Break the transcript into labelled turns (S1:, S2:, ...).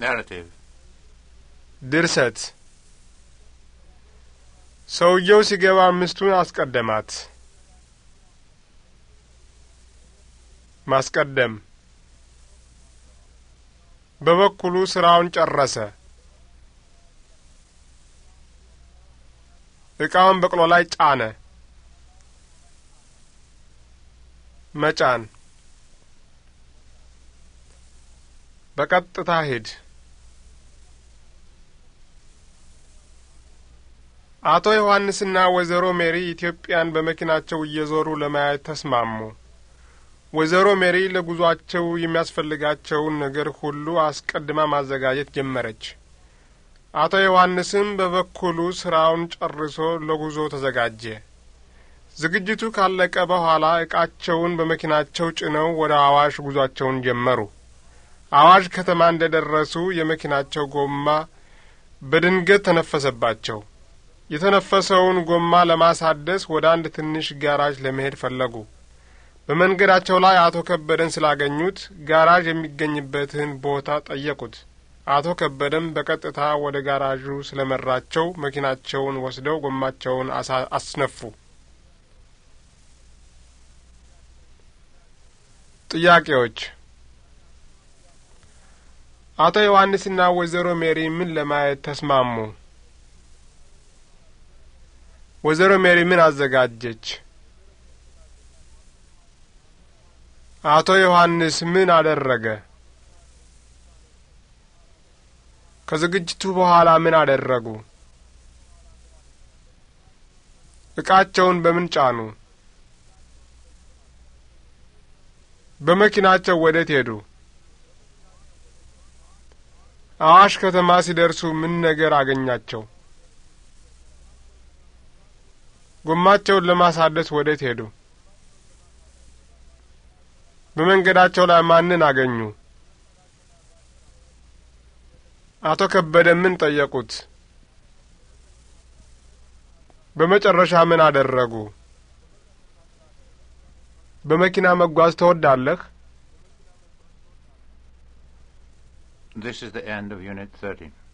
S1: ናራቲቭ ድርሰት ሰውየው ሲገባ ምስቱን አስቀደማት። ማስቀደም በበኩሉ ስራውን ጨረሰ። እቃውን በቅሎ ላይ ጫነ። መጫን በቀጥታ ሂድ። አቶ ዮሐንስና ወይዘሮ ሜሪ ኢትዮጵያን በመኪናቸው እየዞሩ ለማየት ተስማሙ። ወይዘሮ ሜሪ ለጉዟቸው የሚያስፈልጋቸውን ነገር ሁሉ አስቀድማ ማዘጋጀት ጀመረች። አቶ ዮሐንስም በበኩሉ ስራውን ጨርሶ ለጉዞ ተዘጋጀ። ዝግጅቱ ካለቀ በኋላ እቃቸውን በመኪናቸው ጭነው ወደ አዋሽ ጉዟቸውን ጀመሩ። አዋሽ ከተማ እንደ ደረሱ የመኪናቸው ጎማ በድንገት ተነፈሰባቸው። የተነፈሰውን ጎማ ለማሳደስ ወደ አንድ ትንሽ ጋራጅ ለመሄድ ፈለጉ። በመንገዳቸው ላይ አቶ ከበደን ስላገኙት ጋራዥ የሚገኝበትን ቦታ ጠየቁት። አቶ ከበደም በቀጥታ ወደ ጋራዡ ስለመራቸው መኪናቸውን ወስደው ጎማቸውን አስነፉ። ጥያቄዎች አቶ ዮሐንስና ወይዘሮ ሜሪ ምን ለማየት ተስማሙ? ወይዘሮ ሜሪ ምን አዘጋጀች? አቶ ዮሐንስ ምን አደረገ? ከዝግጅቱ በኋላ ምን አደረጉ? እቃቸውን በምን ጫኑ? በመኪናቸው ወዴት ሄዱ? አዋሽ ከተማ ሲደርሱ ምን ነገር አገኛቸው? ጎማቸውን ለማሳደስ ወዴት ሄዱ? በመንገዳቸው ላይ ማንን አገኙ? አቶ ከበደ ምን ጠየቁት? በመጨረሻ ምን አደረጉ? በመኪና መጓዝ ትወዳለህ? This is the end of Unit 13.